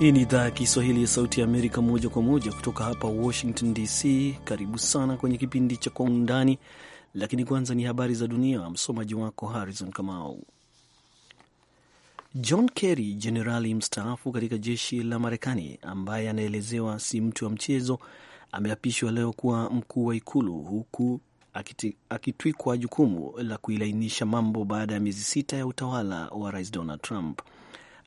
Hii ni idhaa ya Kiswahili ya Sauti ya Amerika, moja kwa moja kutoka hapa Washington DC. Karibu sana kwenye kipindi cha Kwa Undani, lakini kwanza ni habari za dunia. Msomaji wako Harrison Kamau. John Kerry, jenerali mstaafu katika jeshi la Marekani ambaye anaelezewa si mtu wa mchezo, ameapishwa leo kuwa mkuu wa Ikulu huku akitwikwa jukumu la kuilainisha mambo baada ya miezi sita ya utawala wa Rais Donald Trump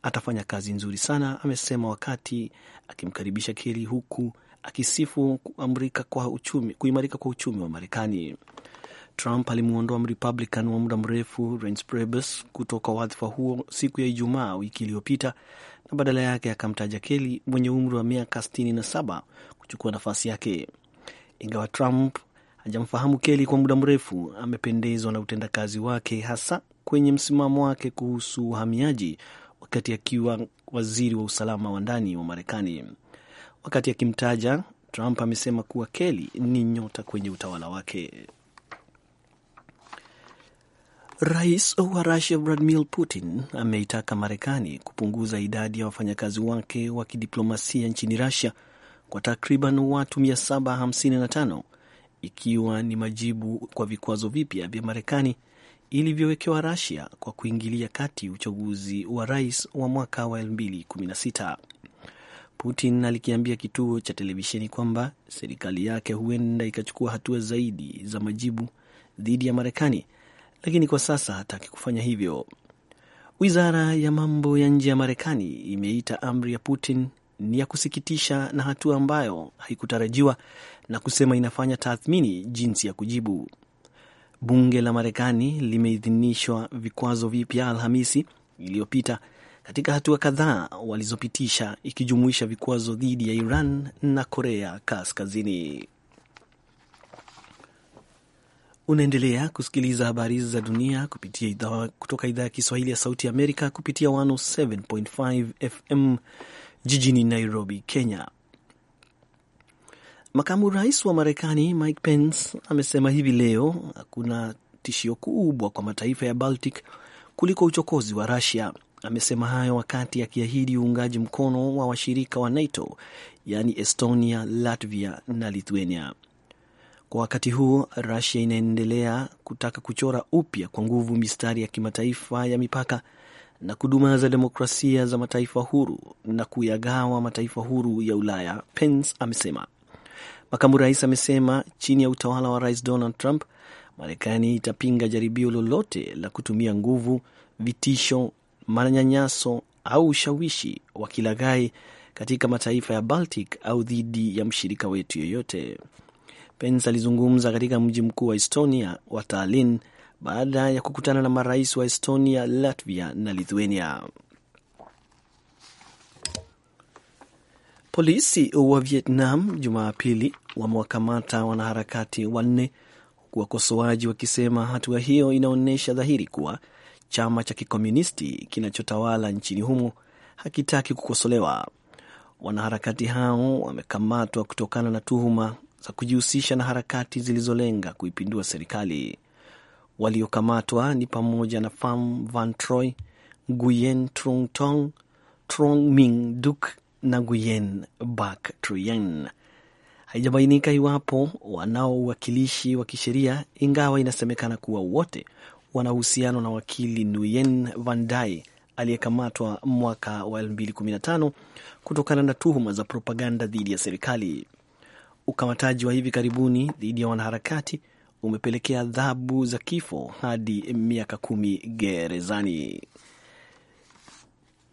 atafanya kazi nzuri sana, amesema wakati akimkaribisha Keri, huku akisifu kuimarika kwa uchumi, kuimarika kwa uchumi wa Marekani. Trump alimwondoa mrepublican wa muda mrefu Reince Priebus kutoka wadhifa huo siku ya Ijumaa wiki iliyopita na badala yake akamtaja keli mwenye umri wa miaka 67 kuchukua nafasi yake. Ingawa Trump hajamfahamu keli kwa muda mrefu, amependezwa na utendakazi wake, hasa kwenye msimamo wake kuhusu uhamiaji wakati akiwa waziri wa usalama wa ndani wa Marekani. Wakati akimtaja Trump amesema kuwa Kelly ni nyota kwenye utawala wake. Rais wa Rusia Vladimir Putin ameitaka Marekani kupunguza idadi ya wafanyakazi wake wa kidiplomasia nchini Rusia kwa takriban watu 755 ikiwa ni majibu kwa vikwazo vipya vya Marekani ilivyowekewa rasia kwa kuingilia kati uchaguzi wa rais wa mwaka wa 2016. Putin alikiambia kituo cha televisheni kwamba serikali yake huenda ikachukua hatua zaidi za majibu dhidi ya Marekani, lakini kwa sasa hataki kufanya hivyo. Wizara ya mambo ya nje ya Marekani imeita amri ya Putin ni ya kusikitisha na hatua ambayo haikutarajiwa na kusema inafanya tathmini jinsi ya kujibu. Bunge la Marekani limeidhinishwa vikwazo vipya Alhamisi iliyopita katika hatua kadhaa walizopitisha ikijumuisha vikwazo dhidi ya Iran na Korea Kaskazini. Unaendelea kusikiliza habari za dunia kupitia idhaa, kutoka idhaa ya Kiswahili ya Sauti Amerika kupitia 107.5 FM jijini Nairobi, Kenya. Makamu rais wa Marekani Mike Pence amesema hivi leo kuna tishio kubwa kwa mataifa ya Baltic kuliko uchokozi wa Rusia. Amesema hayo wakati akiahidi uungaji mkono wa washirika wa NATO yaani Estonia, Latvia na Lithuania. Kwa wakati huo, Rusia inaendelea kutaka kuchora upya kwa nguvu mistari ya kimataifa ya mipaka na kudumaza demokrasia za mataifa huru na kuyagawa mataifa huru ya Ulaya, Pence amesema. Makamu rais amesema chini ya utawala wa rais Donald Trump, Marekani itapinga jaribio lolote la kutumia nguvu, vitisho, manyanyaso au ushawishi wa kilaghai katika mataifa ya Baltic au dhidi ya mshirika wetu yoyote. Pence alizungumza katika mji mkuu wa Estonia wa Tallinn baada ya kukutana na marais wa Estonia, Latvia na Lithuania. Polisi wa Vietnam Jumapili wamewakamata wanaharakati wanne huku wakosoaji wakisema hatua wa hiyo inaonyesha dhahiri kuwa chama cha kikomunisti kinachotawala nchini humo hakitaki kukosolewa. Wanaharakati hao wamekamatwa kutokana na tuhuma za kujihusisha na harakati zilizolenga kuipindua serikali. Waliokamatwa ni pamoja na Pham Van Troy, Nguyen Trung Tong, Trong Minh Duk Nguyen Bac Truyen. Haijabainika iwapo wanao uwakilishi wa kisheria, ingawa inasemekana kuwa wote wana uhusiano na wakili Nguyen Van Dai aliyekamatwa mwaka wa 2015 kutokana na tuhuma za propaganda dhidi ya serikali. Ukamataji wa hivi karibuni dhidi ya wanaharakati umepelekea adhabu za kifo hadi miaka kumi gerezani.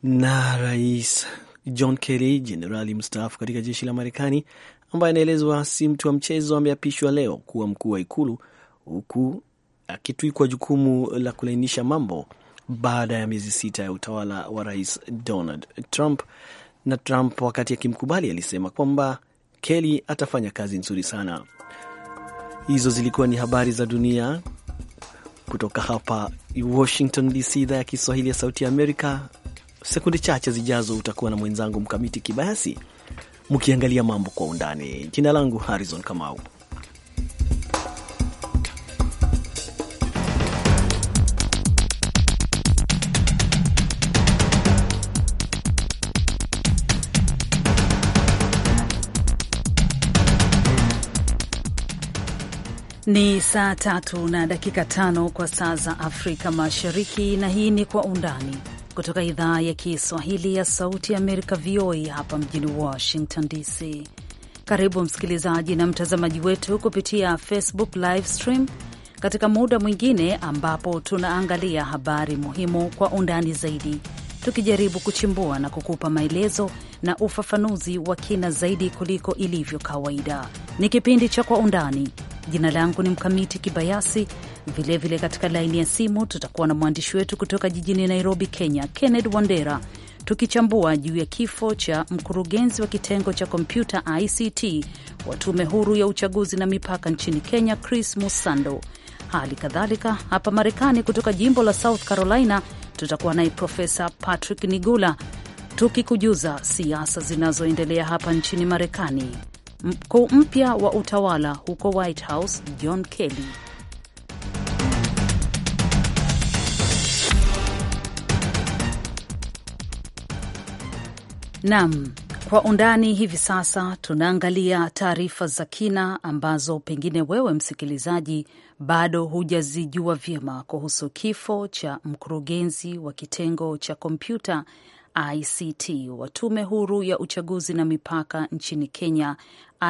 Na rais John Kelly, jenerali mstaafu katika jeshi la Marekani ambaye anaelezwa si mtu wa mchezo, ameapishwa leo kuwa mkuu wa ikulu huku akitwikwa jukumu la kulainisha mambo baada ya miezi sita ya utawala wa rais Donald Trump. Na Trump wakati akimkubali alisema kwamba Kelly atafanya kazi nzuri sana. Hizo zilikuwa ni habari za dunia kutoka hapa Washington DC, idhaa ya Kiswahili ya Sauti ya Amerika. Sekunde chache zijazo utakuwa na mwenzangu Mkamiti Kibayasi mkiangalia mambo kwa undani. Jina langu Harrison Kamau. Ni saa tatu na dakika tano kwa saa za Afrika Mashariki, na hii ni Kwa Undani kutoka idhaa ya Kiswahili ya Sauti ya Amerika, VOA hapa mjini Washington DC. Karibu msikilizaji na mtazamaji wetu kupitia Facebook live stream katika muda mwingine ambapo tunaangalia habari muhimu kwa undani zaidi, tukijaribu kuchimbua na kukupa maelezo na ufafanuzi wa kina zaidi kuliko ilivyo kawaida. Ni kipindi cha Kwa Undani. Jina langu ni Mkamiti Kibayasi Vilevile vile katika laini ya simu tutakuwa na mwandishi wetu kutoka jijini Nairobi, Kenya, Kenneth Wandera, tukichambua juu ya kifo cha mkurugenzi wa kitengo cha kompyuta ICT wa tume huru ya uchaguzi na mipaka nchini Kenya, Chris Musando. Hali kadhalika hapa Marekani, kutoka jimbo la South Carolina tutakuwa naye Profesa Patrick Nigula tukikujuza siasa zinazoendelea hapa nchini Marekani, mkuu mpya wa utawala huko White House John Kelly Naam, kwa undani hivi sasa tunaangalia taarifa za kina ambazo pengine wewe msikilizaji bado hujazijua vyema kuhusu kifo cha mkurugenzi wa kitengo cha kompyuta ICT wa tume huru ya uchaguzi na mipaka nchini Kenya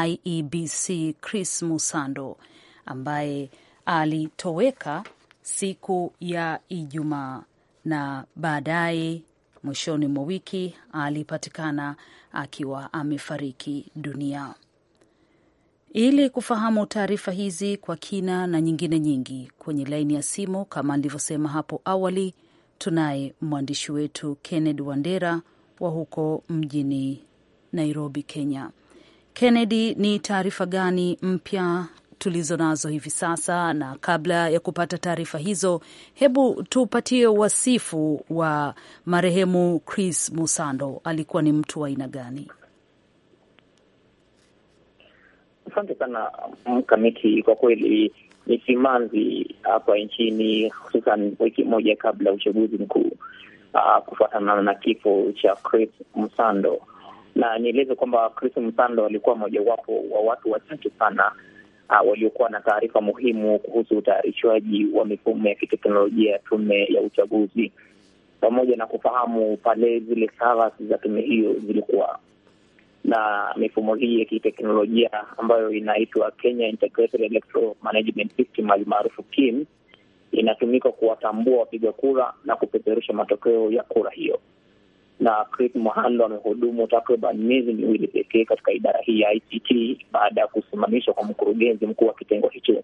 IEBC Chris Musando ambaye alitoweka siku ya Ijumaa na baadaye mwishoni mwa wiki alipatikana akiwa amefariki dunia. Ili kufahamu taarifa hizi kwa kina na nyingine nyingi, kwenye laini ya simu kama nilivyosema hapo awali, tunaye mwandishi wetu Kennedy Wandera wa huko mjini Nairobi, Kenya. Kennedy, ni taarifa gani mpya tulizo nazo hivi sasa, na kabla ya kupata taarifa hizo, hebu tupatie wasifu wa marehemu Chris Musando. Alikuwa ni mtu wa aina gani? Asante sana Mkamiti, kwa kweli ni simanzi hapa nchini, hususan wiki moja kabla ya uchaguzi mkuu uh, kufuatana na kifo cha Chris Msando. Na nieleze kwamba Chris Msando alikuwa mojawapo wa watu wachache sana uh, waliokuwa na taarifa muhimu kuhusu utayarishwaji wa mifumo ya kiteknolojia ya tume ya uchaguzi pamoja na kufahamu pale zile sava za tume hiyo zilikuwa na mifumo hii ya kiteknolojia ambayo inaitwa Kenya Integrated Electoral Management System almaarufu KIEMS inatumika kuwatambua wapiga kura na kupeperusha matokeo ya kura hiyo na Chris Mwahando amehudumu takriban miezi miwili pekee katika idara hii ya ICT baada ya kusimamishwa kwa mkurugenzi mkuu wa kitengo hicho.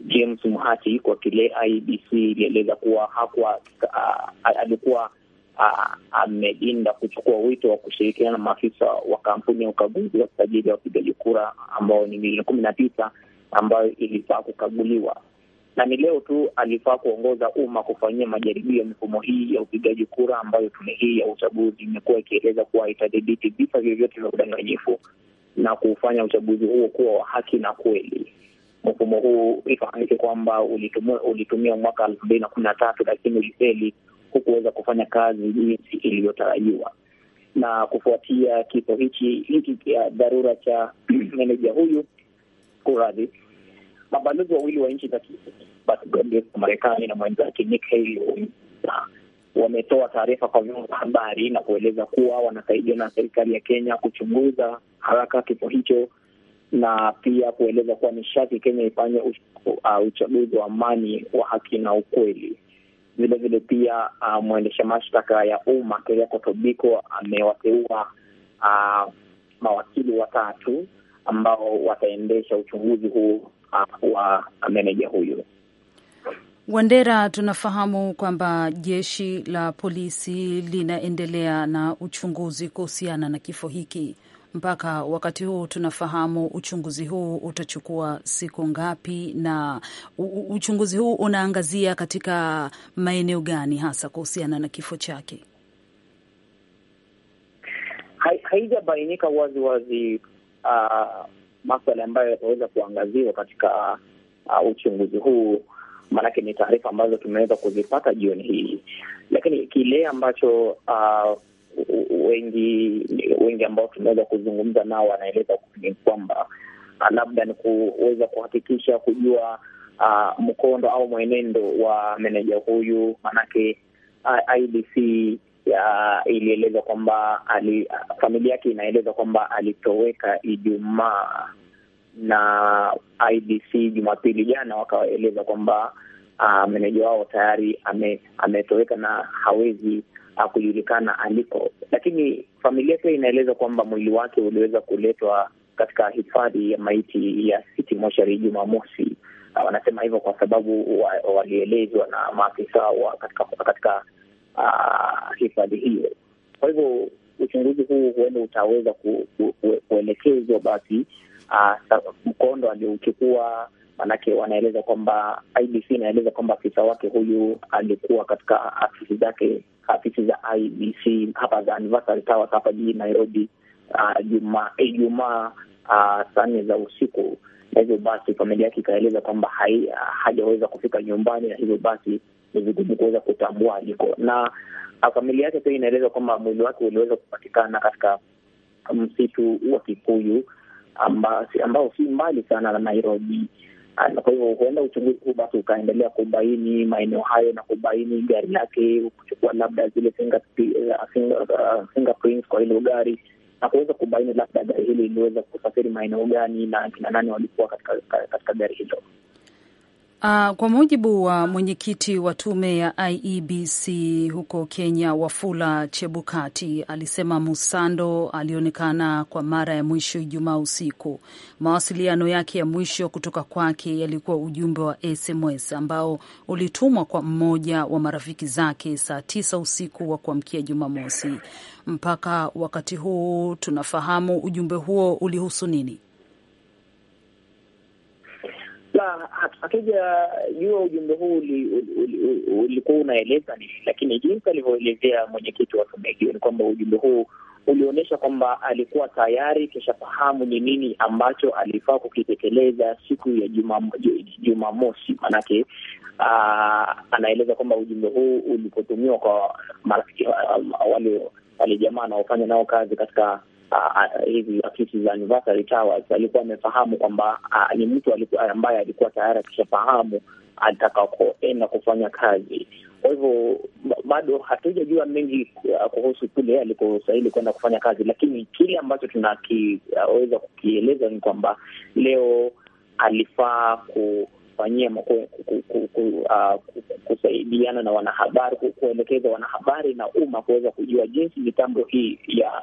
James mhati kwa kile IBC ilieleza kuwa hakuwa uh, alikuwa uh, amejinda kuchukua wito wa kushirikiana na maafisa wa kampuni ya ukaguzi wa usajili wa wapigaji kura ambao ni milioni kumi na tisa ambayo ilifaa kukaguliwa na ni leo tu alifaa kuongoza umma kufanyia majaribio ya mifumo hii ya upigaji kura ambayo tume hii ya uchaguzi imekuwa ikieleza kuwa itadhibiti visa vyovyote vya udanganyifu na kufanya uchaguzi huo kuwa wa haki na kweli. Mfumo huu ifahamike kwamba ulitumia, mwaka elfu mbili na kumi na tatu lakini ulifeli hukuweza kufanya kazi jinsi ilivyotarajiwa. Na kufuatia kifo hichi hiki cha eh, dharura cha meneja huyu kuradhi mabalozi wawili wa nchi za Marekani na mwenzake Nick Haley wametoa taarifa kwa vyombo vya habari na kueleza kuwa wanasaidia na serikali ya Kenya kuchunguza haraka kifo hicho na pia kueleza kuwa ni sharti Kenya ifanye uh, uchaguzi wa amani wa haki na ukweli. Vilevile pia uh, mwendesha mashtaka ya umma Keriako Tobiko amewateua uh, mawakili watatu ambao wataendesha uchunguzi huu uh, wa meneja huyu. Wandera, tunafahamu kwamba jeshi la polisi linaendelea na uchunguzi kuhusiana na kifo hiki. Mpaka wakati huu tunafahamu uchunguzi huu utachukua siku ngapi, na uchunguzi huu unaangazia katika maeneo gani hasa kuhusiana na kifo chake? Haijabainika wazi wazi uh, maswala ambayo yataweza kuangaziwa katika uh, uh, uchunguzi huu, maanake ni taarifa ambazo tumeweza kuzipata jioni hii, lakini kile ambacho uh, wengi wengi ambao tunaweza kuzungumza nao wanaeleza ni kwamba uh, labda ni kuweza kuhakikisha kujua uh, mkondo au mwenendo wa meneja huyu, maanake uh, IDC ilieleza kwamba familia yake inaeleza kwamba alitoweka Ijumaa na IBC Jumapili jana wakaeleza kwamba uh, meneja wao tayari ame, ametoweka na hawezi uh, kujulikana aliko, lakini familia pia inaeleza kwamba mwili wake uliweza kuletwa katika hifadhi ya maiti ya City Moshari Jumamosi. Uh, wanasema hivyo kwa sababu walielezwa wa na maafisa wa katika, katika Ah, hifadhi hiyo. Kwa hivyo uchunguzi huu huenda utaweza ku, ku, ku, kuelekezwa basi ah, mkondo aliouchukua Manake wanaeleza kwamba IBC inaeleza kwamba afisa wake huyu alikuwa katika afisi zake afisi za IBC hapa za Anniversary Towers hapa jijini Nairobi ah, Ijumaa uh, uh, saa nne za usiku, na hivyo basi familia yake ikaeleza kwamba hajaweza kufika nyumbani, na hivyo basi ni vigumu kuweza kutambua aliko, na ah, familia yake pia inaeleza kwamba mwili wake uliweza kupatikana katika msitu wa Kikuyu ambao si mbali sana na Nairobi. Ah, kwa hivyo huenda uchunguzi huu basi ukaendelea kubaini maeneo hayo na kubaini gari lake, kuchukua labda zile ah, fingerprints kwa hilo gari na kuweza kubaini labda gari hili liliweza kusafiri maeneo gani na kina nani walikuwa katika, katika gari hilo. Uh, kwa mujibu wa mwenyekiti wa tume ya IEBC huko Kenya, Wafula Chebukati alisema Musando alionekana kwa mara ya mwisho Ijumaa usiku. Mawasiliano yake ya mwisho kutoka kwake yalikuwa ujumbe wa SMS ambao ulitumwa kwa mmoja wa marafiki zake saa tisa usiku wa kuamkia Jumamosi. Mpaka wakati huu tunafahamu ujumbe huo ulihusu nini? kama jua ujumbe huu ulikuwa unaeleza nini, lakini jinsi alivyoelezea mwenyekiti wa tume hiyo ni kwamba ujumbe huu ulionyesha kwamba alikuwa tayari kishafahamu ni nini ambacho alifaa kukitekeleza siku ya Jumamosi. Maanake ah, anaeleza kwamba ujumbe huu ulipotumiwa kwa ah, wale wale jamaa anaofanya nao kazi katika hizi afisi za Anniversary Towers alikuwa amefahamu kwamba ni mtu ambaye alikuwa tayari akishafahamu atakakoenda kufanya kazi. Kwa hivyo bado hatujajua mengi kuhusu kule alikostahili kwenda kufanya kazi, lakini kile ambacho tunaweza uh, kukieleza ni kwamba leo alifaa kufanyia ku, ku, ku, ku, uh, kusaidiana na wanahabari, kuelekeza wanahabari na umma kuweza kujua jinsi mitambo hii ya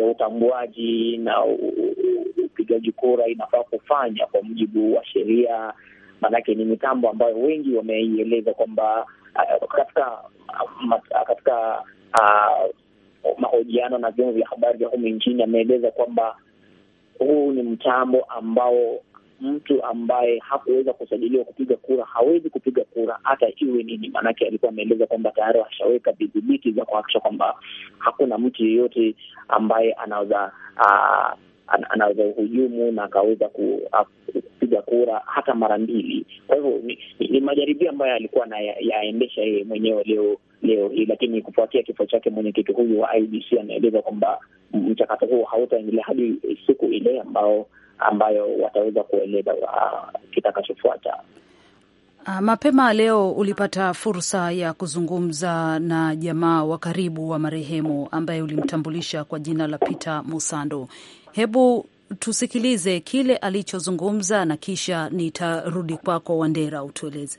ya utambuaji na upigaji kura inafaa kufanya kwa mujibu wa sheria. Maanake ni mitambo ambayo wengi wameieleza kwamba uh, katika katika uh, mahojiano na vyombo vya habari vya humu nchini ameeleza kwamba huu ni mtambo ambao mtu ambaye hakuweza kusajiliwa kupiga kura hawezi kupiga kura hata iwe nini. Maanake alikuwa ameeleza kwamba tayari washaweka vidhibiti za kuhakikisha kwamba hakuna mtu yeyote ambaye anaweza anaweza uhujumu na akaweza kupiga kura hata mara mbili. Kwa hivyo ni, ni, ni majaribio ambayo alikuwa anayaendesha yeye mwenyewe leo leo hii, lakini kufuatia kifo chake mwenyekiti huyu wa IBC anaeleza kwamba mchakato huo hautaendelea hadi siku ile ambao ambayo wataweza kueleza uh, kitakachofuata. Ah, mapema leo ulipata fursa ya kuzungumza na jamaa wa karibu wa marehemu ambaye ulimtambulisha kwa jina la Peter Musando. Hebu tusikilize kile alichozungumza na kisha nitarudi kwako, Wandera, utueleze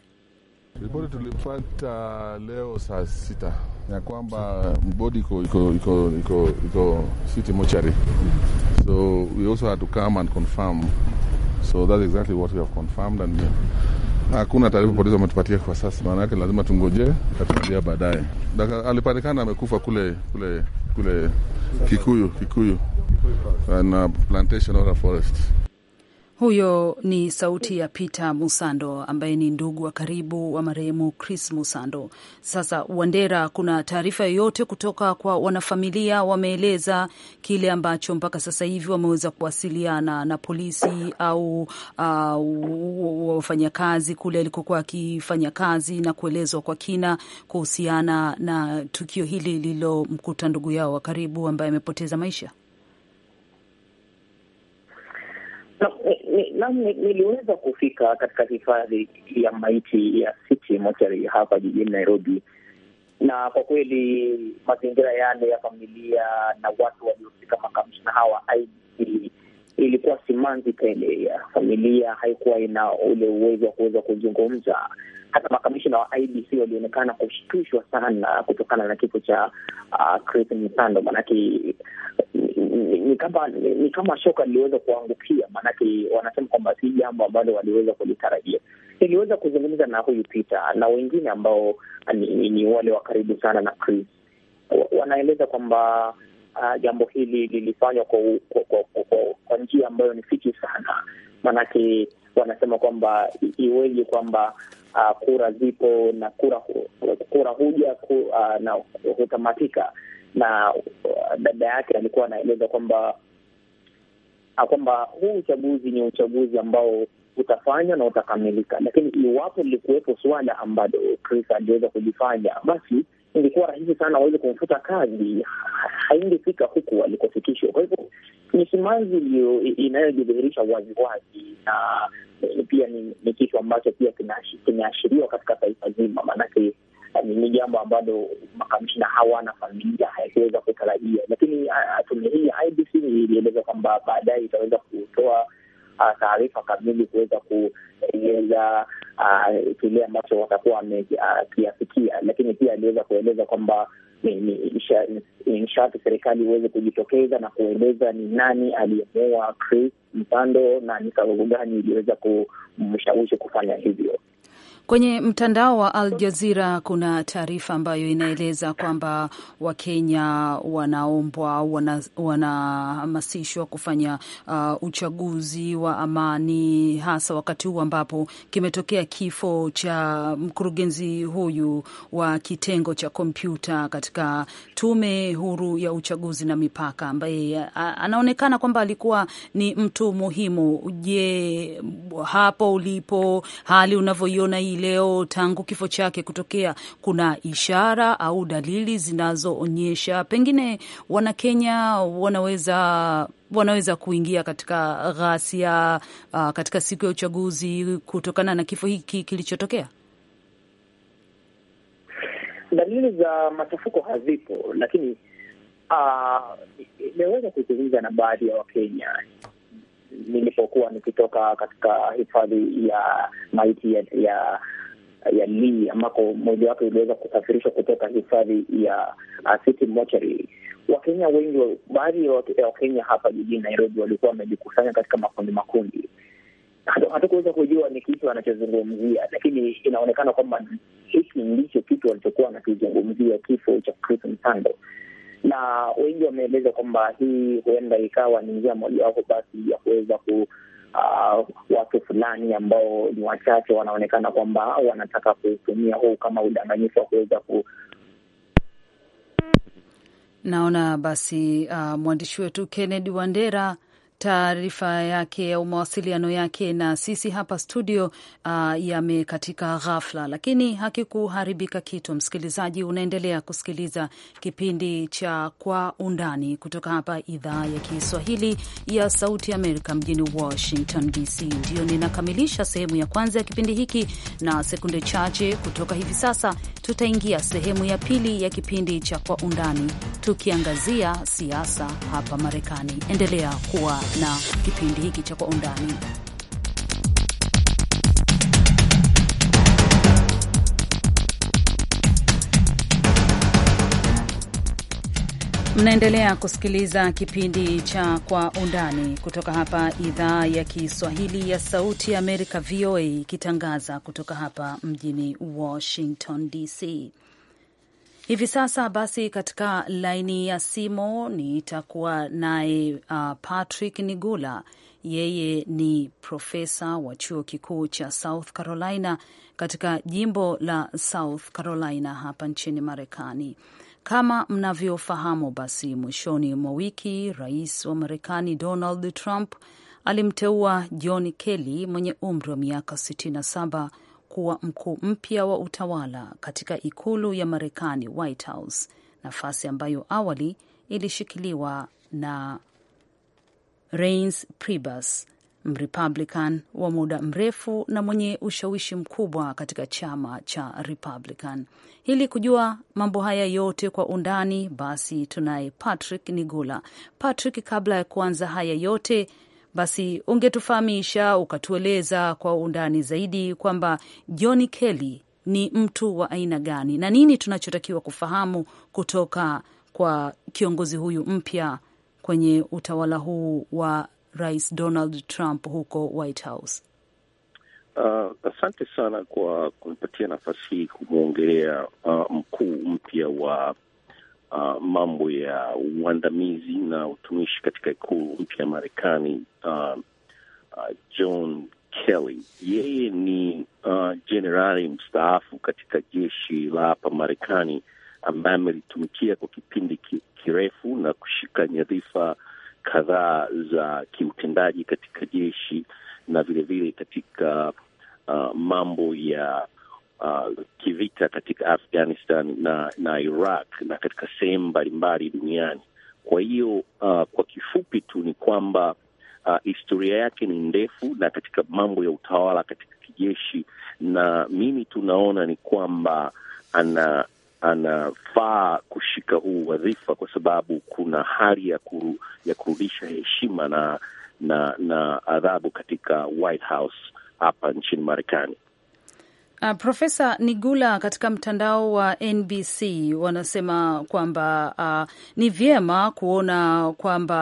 ripoti tulipata leo saa sita ya kwamba mbodi iko iko iko iko mochari So we also had to come and confirm. So that's exactly what we have confirmed and hakuna taarifa polisi wametupatia kwa sasa, maana yake lazima tungoje atuambia baadaye. Alipatikana amekufa kule kule kule Kikuyu Kikuyu na plantation ora forest huyo ni sauti ya Peter Musando ambaye ni ndugu wa karibu wa marehemu Chris Musando. Sasa Wandera, kuna taarifa yoyote kutoka kwa wanafamilia? Wameeleza kile ambacho mpaka sasa hivi wameweza kuwasiliana na polisi au uh, wafanyakazi kule alikokuwa akifanya kazi na kuelezwa kwa kina kuhusiana na tukio hili lililomkuta ndugu yao wa karibu ambaye amepoteza maisha eh, niliweza kufika katika hifadhi ya maiti ya City Mochari hapa jijini Nairobi, na kwa kweli mazingira yale ya familia na watu waliofika makamishina hawa IEBC, ilikuwa simanzi tele. Ya familia haikuwa ina ule uwezo wa kuweza kuzungumza. Hata makamishina wa ibc walionekana kushtushwa sana kutokana na kifo cha uh, ah, Crispin Msando, maanake ni, kama ni, kama shoka liliweza kuangukia, maanake wanasema kwamba si jambo ambalo waliweza kulitarajia. Niliweza kuzungumza na huyu Peter na wengine ambao ni, ni, ni wale wa karibu sana na Chris, wanaeleza kwamba uh, jambo hili lilifanywa kwa, kwa, kwa, kwa, kwa, kwa njia ambayo ni fiki sana, maanake wanasema kwamba iweje kwamba uh, kura zipo na kura, kura huja ku, uh, na hutamatika na uh, dada yake alikuwa anaeleza kwamba ah, kwamba huu uchaguzi ni uchaguzi ambao utafanywa na utakamilika, lakini iwapo lilikuwepo suala ambalo Chris aliweza kujifanya basi ingekuwa rahisi sana waweze kumfuta kazi, haingefika huku alikofikishwa. Kwa hivyo ni simanzi inayojidhihirisha waziwazi, na eh, pia ni kitu ambacho pia kimeashiriwa katika taifa zima, maanake ni jambo ambalo makamishina hawana familia hayakuweza kutarajia, lakini tume hii ya IBC ilieleza kwamba baadaye itaweza kutoa taarifa kamili kuweza kueleza kile ambacho watakuwa wamekiafikia, lakini pia aliweza kueleza kwamba ni sharti serikali iweze kujitokeza na kueleza ni nani aliyemuua Chris Mpando na ni sababu gani iliweza kumshawishi kufanya hivyo. Kwenye mtandao wa Al Jazira kuna taarifa ambayo inaeleza kwamba Wakenya wanaombwa au wanahamasishwa kufanya uh, uchaguzi wa amani, hasa wakati huu ambapo kimetokea kifo cha mkurugenzi huyu wa kitengo cha kompyuta katika Tume Huru ya Uchaguzi na Mipaka, ambaye anaonekana kwamba alikuwa ni mtu muhimu. Je, hapo ulipo hali unavyoiona hii leo tangu kifo chake kutokea, kuna ishara au dalili zinazoonyesha pengine Wanakenya wanaweza wanaweza kuingia katika ghasia uh, katika siku ya uchaguzi kutokana na kifo hiki kilichotokea? Dalili za machafuko hazipo, lakini uh, imeweza kuzungumza na baadhi ya Wakenya nilipokuwa nikitoka katika hifadhi ya maiti ya ya, ya Lee ambako mwili wake uliweza kusafirishwa kutoka hifadhi ya uh, City Mortuary. Wakenya wengi, baadhi ya Wakenya hapa jijini Nairobi walikuwa wamejikusanya katika makundi makundi. Hatukuweza kujua ni kitu anachozungumzia, lakini inaonekana kwamba hiki ndicho kitu walichokuwa wanakizungumzia, kifo cha Chris Msando na wengi wameeleza kwamba hii huenda ikawa ni njia mojawapo basi ya kuweza ku Uh, watu fulani ambao ni wachache wanaonekana kwamba wanataka kutumia huu kama udanganyifu wa kuweza ku naona basi. Uh, mwandishi wetu Kennedy Wandera taarifa yake au mawasiliano yake na sisi hapa studio uh, yamekatika ghafla, lakini hakikuharibika kitu. Msikilizaji, unaendelea kusikiliza kipindi cha Kwa Undani kutoka hapa idhaa ya Kiswahili ya Sauti ya Amerika mjini Washington DC. ndio ninakamilisha sehemu ya kwanza ya kipindi hiki, na sekunde chache kutoka hivi sasa tutaingia sehemu ya pili ya kipindi cha Kwa Undani tukiangazia siasa hapa Marekani. Endelea kuwa na kipindi hiki cha Kwa Undani. Mnaendelea kusikiliza kipindi cha Kwa Undani kutoka hapa idhaa ya Kiswahili ya Sauti ya Amerika, VOA, ikitangaza kutoka hapa mjini Washington DC. Hivi sasa basi, katika laini ya simu nitakuwa naye uh, Patrick Nigula. Yeye ni profesa wa chuo kikuu cha South Carolina katika jimbo la South Carolina hapa nchini Marekani. Kama mnavyofahamu, basi mwishoni mwa wiki rais wa Marekani Donald Trump alimteua John Kelly mwenye umri wa miaka 67 kuwa mkuu mpya wa utawala katika ikulu ya Marekani, White House, nafasi ambayo awali ilishikiliwa na Reince Priebus, Mrepublican wa muda mrefu na mwenye ushawishi mkubwa katika chama cha Republican. Ili kujua mambo haya yote kwa undani, basi tunaye Patrick Nigula. Patrick, kabla ya kuanza haya yote basi ungetufahamisha ukatueleza kwa undani zaidi kwamba johni Kelly ni mtu wa aina gani na nini tunachotakiwa kufahamu kutoka kwa kiongozi huyu mpya kwenye utawala huu wa Rais Donald Trump huko White House. Uh, asante sana kwa kunipatia nafasi hii kumwongelea uh, mkuu mpya wa uh, mambo ya uandamizi na utumishi katika ikulu mpya ya Marekani uh, uh, John Kelly yeye ni uh, jenerali uh, mstaafu katika jeshi la hapa Marekani ambaye amelitumikia kwa kipindi kirefu na kushika nyadhifa kadhaa za kiutendaji katika jeshi na vilevile vile katika uh, mambo ya Uh, kivita katika Afghanistan na, na Iraq na katika sehemu mbalimbali duniani. Kwa hiyo uh, kwa kifupi tu ni kwamba uh, historia yake ni ndefu na katika mambo ya utawala katika kijeshi, na mimi tunaona ni kwamba ana anafaa kushika huu wadhifa kwa sababu kuna hali ya, kuru, ya kurudisha heshima na na na adhabu katika White House hapa nchini Marekani. Uh, Profesa Nigula katika mtandao wa NBC wanasema kwamba uh, ni vyema kuona kwamba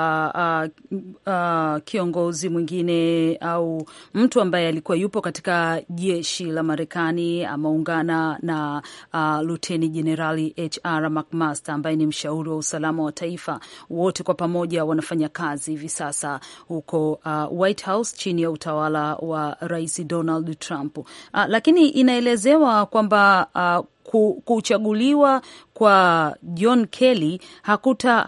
uh, uh, kiongozi mwingine au mtu ambaye alikuwa yupo katika jeshi la Marekani ameungana na uh, Luteni Jenerali HR McMaster ambaye ni mshauri wa usalama wa taifa. Wote kwa pamoja wanafanya kazi hivi sasa huko uh, White House chini ya utawala wa Rais Donald Trump. Uh, lakini inaelezewa kwamba uh, kuchaguliwa kwa John Kelly hakutaleta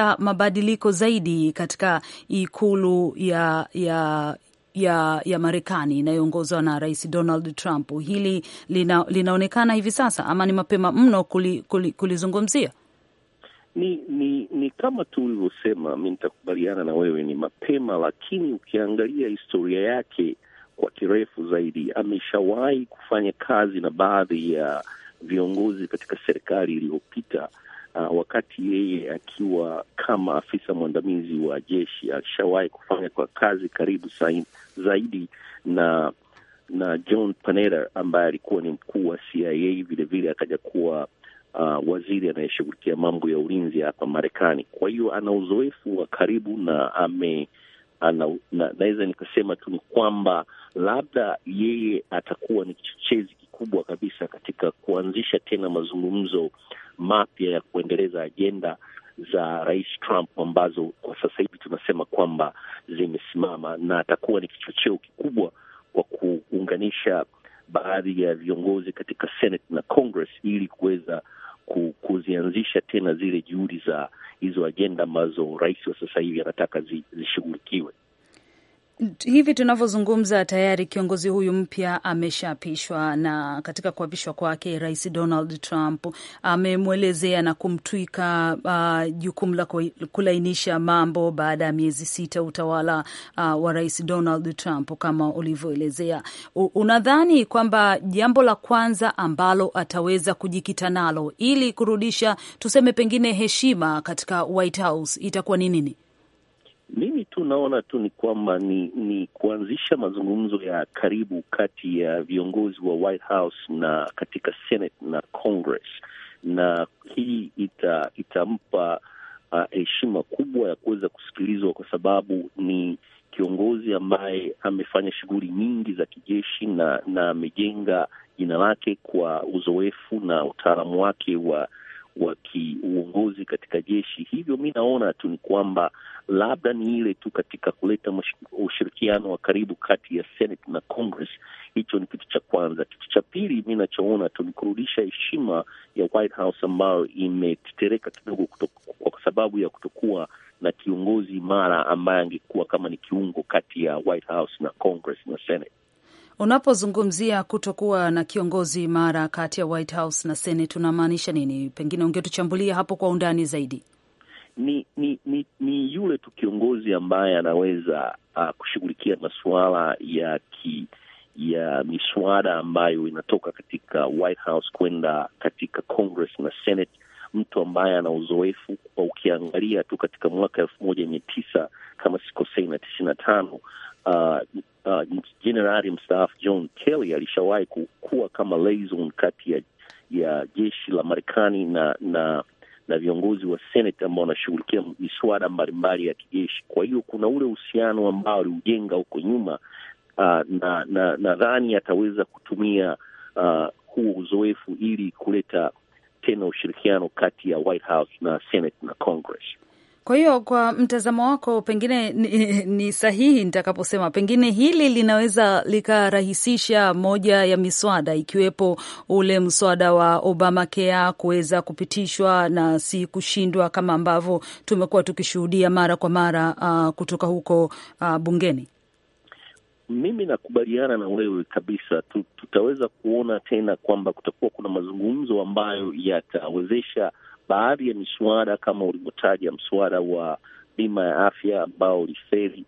hakuta mabadiliko zaidi katika ikulu ya, ya ya, ya Marekani inayoongozwa na Rais Donald Trump. Hili lina, linaonekana hivi sasa ama ni mapema mno kulizungumzia? Ni, ni ni kama tu ulivyosema, mi nitakubaliana na wewe, ni mapema, lakini ukiangalia historia yake kwa kirefu zaidi. Ameshawahi kufanya kazi na baadhi ya viongozi katika serikali iliyopita. Uh, wakati yeye akiwa kama afisa mwandamizi wa jeshi alishawahi kufanya kwa kazi karibu zaidi na na John Panetta ambaye alikuwa ni mkuu wa CIA, vilevile akaja kuwa uh, waziri anayeshughulikia mambo ya ulinzi hapa Marekani. Kwa hiyo ana uzoefu wa karibu na ame, ana, na, naweza nikasema tu ni kwamba labda yeye atakuwa ni kichochezi kikubwa kabisa katika kuanzisha tena mazungumzo mapya ya kuendeleza ajenda za Rais Trump ambazo kwa sasa hivi tunasema kwamba zimesimama, na atakuwa ni kichocheo kikubwa kwa kuunganisha baadhi ya viongozi katika Senate na Congress ili kuweza kuzianzisha tena zile juhudi za hizo ajenda ambazo rais wa sasa hivi anataka zishughulikiwe hivi tunavyozungumza tayari kiongozi huyu mpya ameshaapishwa, na katika kuapishwa kwake Rais Donald Trump amemwelezea na kumtwika uh, jukumu la kulainisha mambo baada ya miezi sita utawala uh, wa Rais Donald Trump. Kama ulivyoelezea, unadhani kwamba jambo la kwanza ambalo ataweza kujikita nalo ili kurudisha tuseme, pengine heshima katika White House itakuwa ni nini? Mimi tu naona tu ni kwamba ni, ni kuanzisha mazungumzo ya karibu kati ya viongozi wa White House na katika Senate na Congress, na hii ita, itampa uh, heshima uh, kubwa ya kuweza kusikilizwa kwa sababu ni kiongozi ambaye amefanya shughuli nyingi za kijeshi na na amejenga jina lake kwa uzoefu na utaalamu wake wa wa kiuongozi katika jeshi. Hivyo mi naona tu ni kwamba labda ni ile tu katika kuleta ushirikiano wa karibu kati ya Senate na Congress. Hicho ni kitu cha kwanza. Kitu cha pili mi nachoona tu ni kurudisha heshima ya White House ambayo imetetereka kidogo kwa sababu ya kutokuwa na kiongozi imara ambaye angekuwa kama ni kiungo kati ya White House na Congress na Senate. Unapozungumzia kutokuwa na kiongozi imara kati ya White House na Senate unamaanisha nini? Pengine ungetuchambulia hapo kwa undani zaidi. Ni ni ni, ni yule tu kiongozi ambaye anaweza uh, kushughulikia masuala ya ki ya miswada ambayo inatoka katika White House kwenda katika Congress na Senate, mtu ambaye ana uzoefu kwa, ukiangalia tu katika mwaka elfu moja mia tisa kama sikosei na tisini na tano uh, uh, jenerali mstaafu John Kelly alishawahi kuwa kama liaison kati ya, ya jeshi la Marekani na na na viongozi wa Senate ambao wanashughulikia miswada mbalimbali ya kijeshi. Kwa hiyo kuna ule uhusiano ambao aliujenga huko nyuma, uh, na nadhani na ataweza kutumia uh, huo uzoefu ili kuleta tena ushirikiano kati ya White House na Senate na Congress. Kwa hiyo kwa mtazamo wako, pengine ni, ni sahihi nitakaposema pengine hili linaweza likarahisisha moja ya miswada ikiwepo ule mswada wa Obamacare kuweza kupitishwa na si kushindwa kama ambavyo tumekuwa tukishuhudia mara kwa mara uh, kutoka huko uh, bungeni. Mimi nakubaliana na wewe kabisa. Tutaweza kuona tena kwamba kutakuwa kuna mazungumzo ambayo yatawezesha baadhi ya miswada kama ulivyotaja mswada wa bima ya afya ambao uliferi,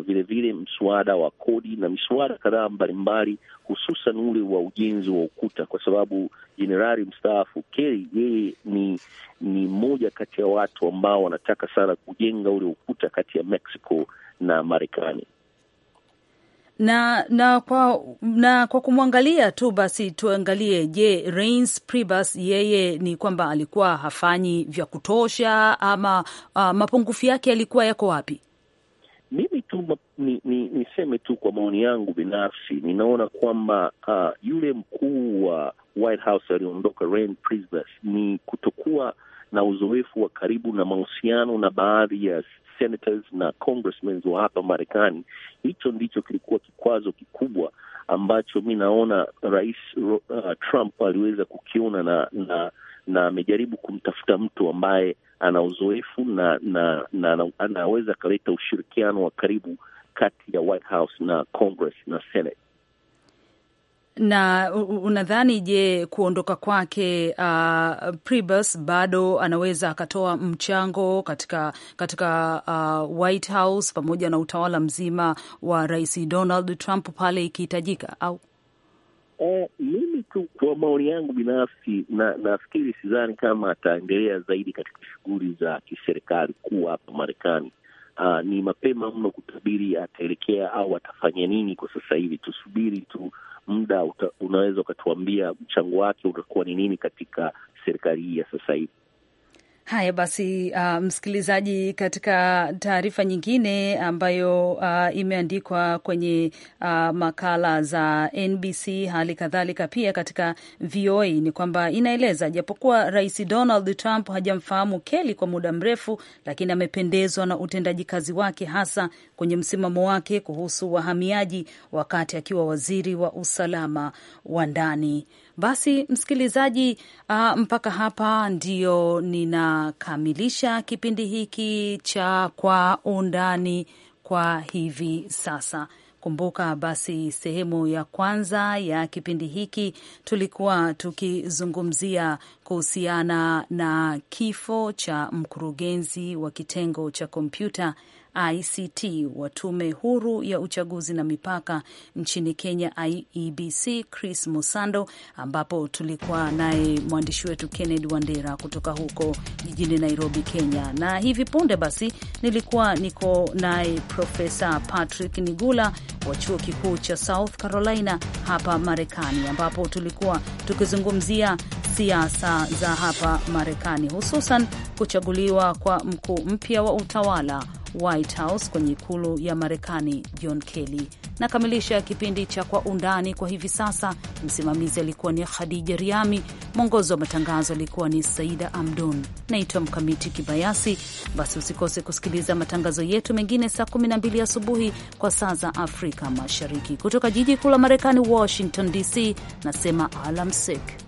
vilevile uh, mswada wa kodi na miswada kadhaa mbalimbali, hususan ule wa ujenzi wa ukuta, kwa sababu jenerali mstaafu Kerry yeye ni ni mmoja kati ya watu ambao wanataka sana kujenga ule ukuta kati ya Mexico na Marekani na na kwa, na kwa kumwangalia tu basi tuangalie, je, Reince Priebus yeye ni kwamba alikuwa hafanyi vya kutosha ama uh, mapungufu yake yalikuwa yako wapi? Mimi tu ni, ni, niseme tu kwa maoni yangu binafsi, ninaona kwamba uh, yule mkuu wa White House aliondoka Reince Priebus ni kutokuwa na uzoefu wa karibu na mahusiano na baadhi ya senators na congressmen wa hapa Marekani. Hicho ndicho kilikuwa kikwazo kikubwa ambacho mi naona rais uh, Trump aliweza kukiona na na na amejaribu kumtafuta mtu ambaye ana uzoefu na na, na na anaweza akaleta ushirikiano wa karibu kati ya White House na Congress na Senate. Na unadhani je, kuondoka kwake uh, Pribus bado anaweza akatoa mchango katika, katika uh, White House pamoja na utawala mzima wa Rais Donald Trump pale ikihitajika au E, mimi tu kwa maoni yangu binafsi na nafikiri, sidhani kama ataendelea zaidi katika shughuli za kiserikali kuu hapa Marekani. Uh, ni mapema mno kutabiri ataelekea au atafanya nini kwa sasa hivi. Tusubiri tu muda uta, unaweza ukatuambia mchango wake utakuwa ni nini katika serikali hii ya sasa hivi? Haya basi, uh, msikilizaji, katika taarifa nyingine ambayo uh, imeandikwa kwenye uh, makala za NBC hali kadhalika pia katika VOA ni kwamba inaeleza, japokuwa Rais Donald Trump hajamfahamu Kelly kwa muda mrefu, lakini amependezwa na utendaji kazi wake, hasa kwenye msimamo wake kuhusu wahamiaji wakati akiwa waziri wa usalama wa ndani. Basi msikilizaji, uh, mpaka hapa ndio ninakamilisha kipindi hiki cha Kwa Undani kwa hivi sasa. Kumbuka basi, sehemu ya kwanza ya kipindi hiki tulikuwa tukizungumzia kuhusiana na kifo cha mkurugenzi wa kitengo cha kompyuta ICT wa Tume Huru ya Uchaguzi na Mipaka nchini Kenya, IEBC, Chris Musando, ambapo tulikuwa naye mwandishi wetu kenned Wandera kutoka huko jijini Nairobi, Kenya. Na hivi punde basi nilikuwa niko naye Profesa Patrick Nigula wa Chuo Kikuu cha South Carolina hapa Marekani, ambapo tulikuwa tukizungumzia siasa za hapa Marekani, hususan kuchaguliwa kwa mkuu mpya wa utawala White House kwenye ikulu ya Marekani John Kelly. Nakamilisha kipindi cha Kwa Undani kwa hivi sasa. Msimamizi alikuwa ni Khadija Riami, mwongozi wa matangazo alikuwa ni Saida Amdun. Naitwa Mkamiti Kibayasi. Basi usikose kusikiliza matangazo yetu mengine saa 12 asubuhi kwa saa za Afrika Mashariki, kutoka jiji kuu la Marekani, Washington DC. Nasema alamsik.